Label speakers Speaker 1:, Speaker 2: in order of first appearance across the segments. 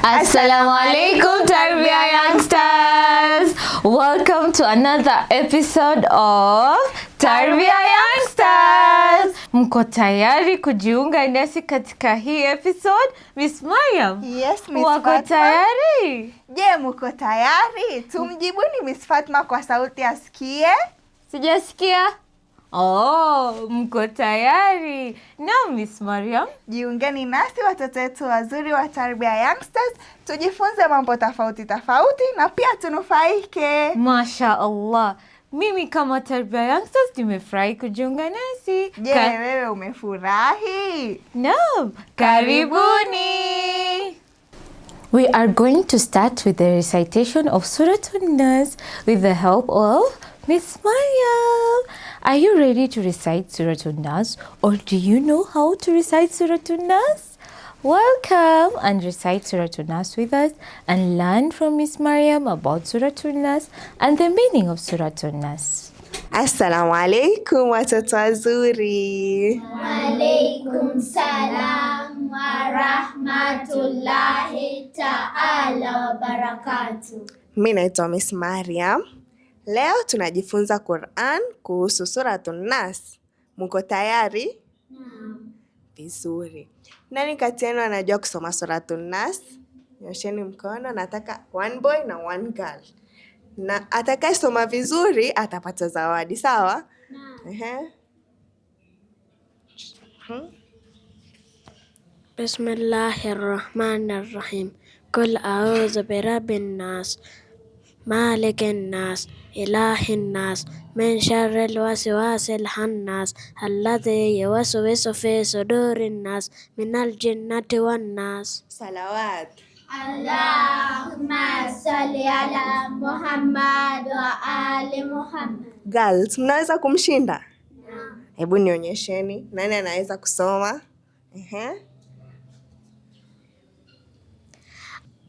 Speaker 1: Assalamu alaikum Tarbiya Youngsters. Welcome to another episode of Tarbiya Youngsters. Mko tayari kujiunga nasi katika hii episode? Miss Mariam. Yes, Miss Fatma. Wako
Speaker 2: tayari?
Speaker 1: Je, mko tayari? Tumjibuni Miss Fatma kwa sauti asikie.
Speaker 3: Sijasikia.
Speaker 2: Oh, mko tayari? Na Miss Mariam,
Speaker 1: jiungeni nasi watoto wetu wazuri wa Tarbia Youngsters, tujifunze mambo tofauti tofauti na pia tunufaike.
Speaker 2: Masha Allah. Mimi kama Tarbia Youngsters nimefurahi kujiunga nasi.
Speaker 1: Je, Ka wewe umefurahi?
Speaker 2: Naam, karibuni. We are going to start with the recitation of Surat Nas with the help of Miss Mariam. Are you ready to recite Surat Nas or do you know how to recite Surat Nas? Welcome and recite Surat Nas with us and learn from Miss Mariam about Surat Nas and the meaning of Surat Nas.
Speaker 1: Assalamu alaikum wa zuri.
Speaker 4: Wa alaikum salam. wa rahmatullahi taala wabarakatu.
Speaker 1: Mi naitwa Miss Mariam. Leo tunajifunza Quran kuhusu Suratun Nas. Muko tayari?
Speaker 5: Naam.
Speaker 1: Vizuri. Nani kati yenu anajua kusoma Suratun Nas? Nyosheni mkono. Nataka one boy na one girl, na atakayesoma vizuri atapata zawadi, sawa? Naam.
Speaker 3: Hmm? بسم الله الرحمن الرحيم قل أعوذ برب الناس مالك الناس إله الناس من شر الوسواس الحناس الذي يوسوس في صدور الناس من الجنة والناس
Speaker 1: صلوات
Speaker 4: اللهم صل على محمد وآل محمد
Speaker 1: Girls, mnaweza kumshinda? Hebu nionyesheni nani anaweza kusoma. Ehe.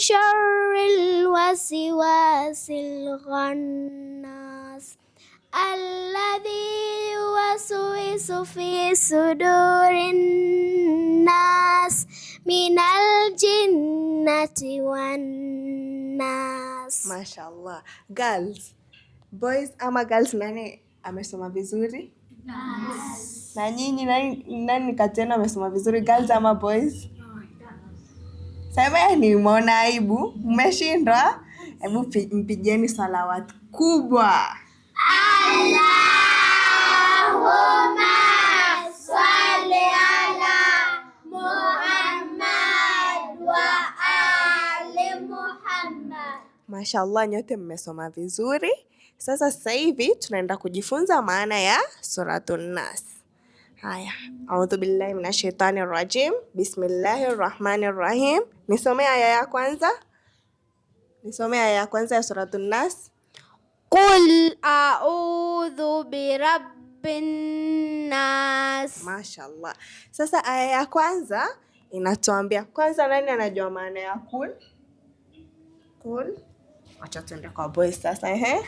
Speaker 3: شر الوسواس الغناس الذي يوسوس في صدور الناس من الجنة والناس.
Speaker 1: Mashallah. Girls, boys ama girls, nani amesoma vizuri?
Speaker 4: Girls.
Speaker 1: Na nyinyi nani, nani kati yenu amesoma بزوري girls أما boys? Semeni mwaona aibu, mmeshindwa. Hebu mpigeni salawati kubwa,
Speaker 4: Allahumma ala Muhammad wa ali Muhammad.
Speaker 1: Mashallah, nyote mmesoma vizuri. Sasa sasa hivi tunaenda kujifunza maana ya Suratun Nas. Haya, audhu billahi shaitani rajim, bismillahi rahmani rahim. Nisome aya ya kwanza, nisome aya ya kwanza ya suratu Nas.
Speaker 3: Qul audhu rabbin nas.
Speaker 1: Mashaallah. Sasa aya ya kwanza inatuambia kwanza, nani anajua maana ya kul? Kul, acha tuende kwa boys sasa. Ehe,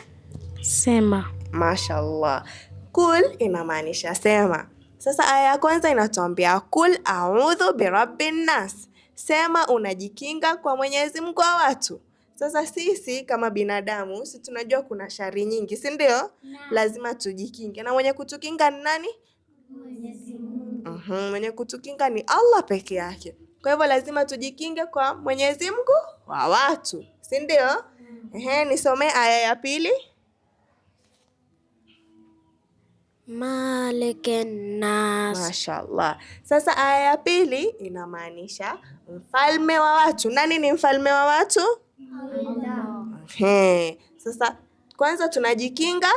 Speaker 3: sema.
Speaker 1: Mashaallah, kul inamaanisha sema sasa aya ya kwanza inatuambia kul audhu birabbin nas, sema unajikinga kwa Mwenyezi Mungu wa watu. Sasa sisi kama binadamu, si tunajua kuna shari nyingi, si ndio? Lazima tujikinge, na mwenye kutukinga ni nani?
Speaker 6: Mwenyezi Mungu.
Speaker 1: Mhm, mwenye kutukinga ni Allah peke yake. Kwa hivyo lazima tujikinge kwa Mwenyezi Mungu wa watu, si ndio? Ehe, nisomee aya ya pili. nas. Mashallah. Sasa aya ya pili inamaanisha mfalme wa watu. Nani ni mfalme wa watu?
Speaker 7: Allah.
Speaker 1: Sasa kwanza tunajikinga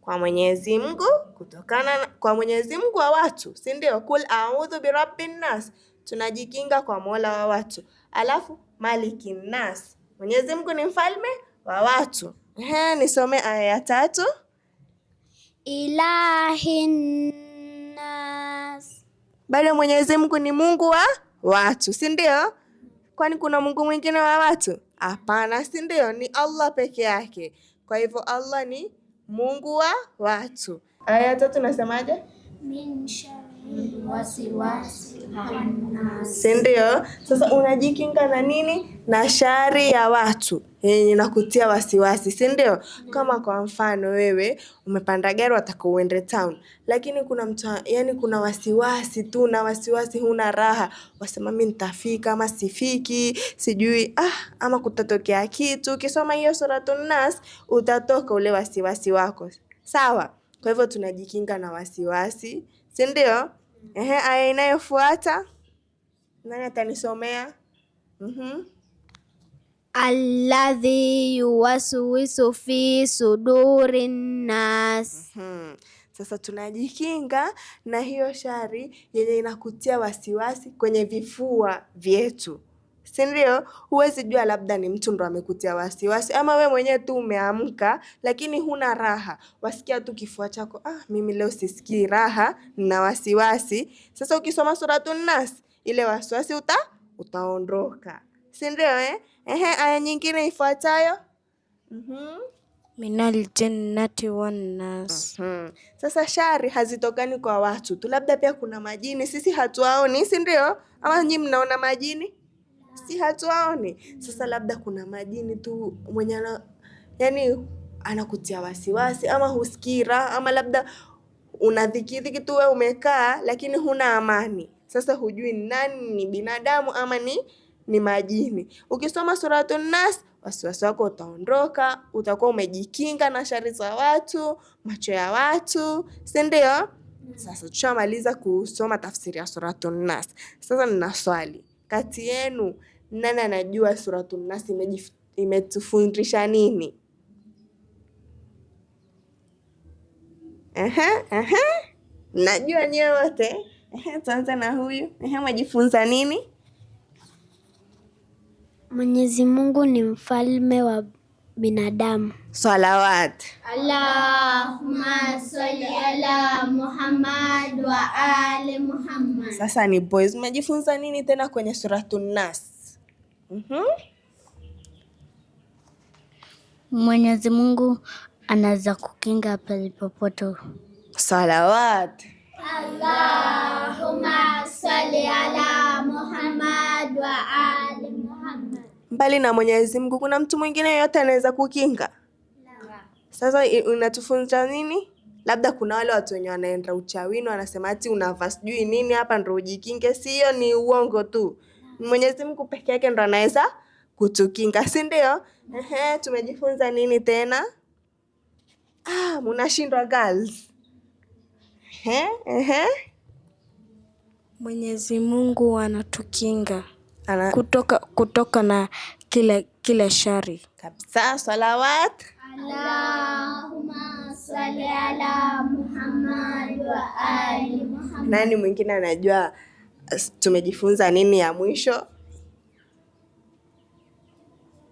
Speaker 1: kwa Mwenyezi Mungu kutokana na, kwa Mwenyezi Mungu wa watu, si ndio? Kul a'udhu birabbin nas, tunajikinga kwa Mola wa watu. Alafu maliki nas, Mwenyezi Mungu ni mfalme wa watu. nisome aya ya tatu
Speaker 8: ilahinnas,
Speaker 1: bado Mwenyezi Mungu ni Mungu wa watu, si ndio? Kwani kuna Mungu mwingine wa watu? Hapana, si ndio? Ni Allah peke yake. Kwa hivyo Allah ni Mungu wa watu. Aya tatu nasemaje?
Speaker 4: Minsha wasiwasi
Speaker 1: si ndio? Sasa unajikinga na nini? Na shari ya watu yenye na kutia wasiwasi, si ndio? Kama kwa mfano wewe umepanda gari wataka uende town, lakini kuna mtu yani, kuna wasiwasi tu na wasiwasi, huna raha, wasema mimi nitafika ama sifiki, sijui ah, ama kutatokea kitu. Ukisoma hiyo Suratun Nas utatoka ule wasiwasi wako, sawa? Kwa hivyo tunajikinga na wasiwasi, si ndio? Ehe, aya inayofuata nani atanisomea? mm
Speaker 3: Alladhi yuwaswisu fi suduri nnas.
Speaker 1: mm-hmm. Sasa tunajikinga na hiyo shari yenye inakutia wasiwasi kwenye vifua vyetu si ndio? Huwezi jua, labda ni mtu ndo amekutia wasiwasi, ama we mwenyewe tu umeamka, lakini huna raha, wasikia tu kifua chako, ah, mimi leo sisikii raha na wasiwasi. Sasa ukisoma Suratu Nas ile wasiwasi uta utaondoka, si ndio eh? Ehe, aya nyingine ifuatayo mm-hmm.
Speaker 3: Minal jannati wan nas.
Speaker 1: Mm-hmm. Sasa shari hazitokani kwa watu tu, labda pia kuna majini, sisi hatuwaoni, si ndio? Ama nyinyi mnaona majini? si hatuaoni. Sasa labda kuna majini tu mwenye ana yani anakutia wasiwasi, ama husikii raha, ama labda unadhikidhiki tu, we umekaa lakini huna amani. Sasa hujui nani ni binadamu ama ni ni majini. Ukisoma Suratu Nas wasiwasi wako utaondoka, utakuwa umejikinga na shari za watu, macho ya watu, si ndio? Mm. Sasa tushamaliza kusoma tafsiri ya Suratu Nas. Sasa nina swali kati yenu nani anajua Suratun Nas imetufundisha nini? Aha, aha. Najua nyewe wote. Tuanze na huyu. Umejifunza nini?
Speaker 3: Mwenyezi Mungu ni mfalme wa binadamu.
Speaker 1: Salawat.
Speaker 4: Allahumma Muhammad wa ali Muhammad.
Speaker 1: Sasa ni boys, mmejifunza nini tena kwenye Suratun Nas? mm
Speaker 3: Mwenyezi Mungu anaweza kukinga pale palipopote.
Speaker 1: Salawat.
Speaker 4: Allahumma salli ala Muhammad wa ali Muhammad.
Speaker 1: Mbali na Mwenyezi Mungu kuna mtu mwingine yote anaweza kukinga? Sasa unatufunza nini? labda kuna wale watu wenye wanaenda uchawini wanasema ati unavaa sijui nini hapa ndo ujikinge. si hiyo ni uongo tu. Mwenyezi Mungu peke yake ndo anaweza kutukinga, si ndio? Ehe, tumejifunza nini tena? Ah, munashindwa girls. Ehe, ehe.
Speaker 3: Mwenyezi Mungu anatukinga ana... kutoka, kutoka na kila kila shari
Speaker 1: kabisa. Salawat
Speaker 4: Allahumma salli ala Muhammad wa ali Muhammad.
Speaker 1: Nani mwingine anajua tumejifunza nini ya mwisho?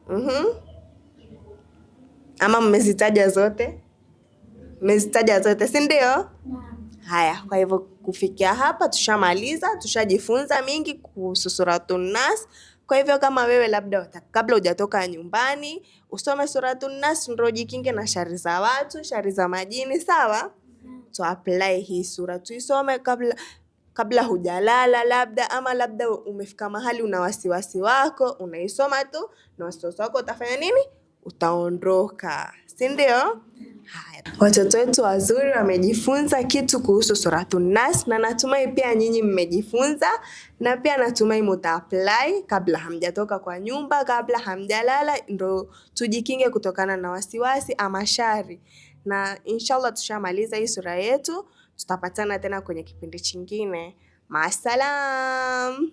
Speaker 1: Mm-hmm. Ama mmezitaja zote? Mmezitaja zote, si ndio? Haya, kwa hivyo kufikia hapa tushamaliza, tushajifunza mingi kuhusu Suratun Nas. Kwa hivyo kama wewe labda kabla hujatoka nyumbani usome Suratun Nas ndio na shari za watu, shari za majini, sawa? To apply hii sura tuisome kabla kabla hujalala labda, ama labda umefika mahali una wasiwasi wako, unaisoma tu na wasiwasi wako utafanya nini? Utaondoka, si ndio? watoto wetu wazuri wamejifunza kitu kuhusu Suratun Nas na natumai pia nyinyi mmejifunza, na pia natumai mutaapply kabla hamjatoka kwa nyumba, kabla hamjalala, ndo tujikinge kutokana na wasiwasi ama shari. Na inshallah tushamaliza hii sura yetu, tutapatana tena kwenye kipindi chingine. Maasalam.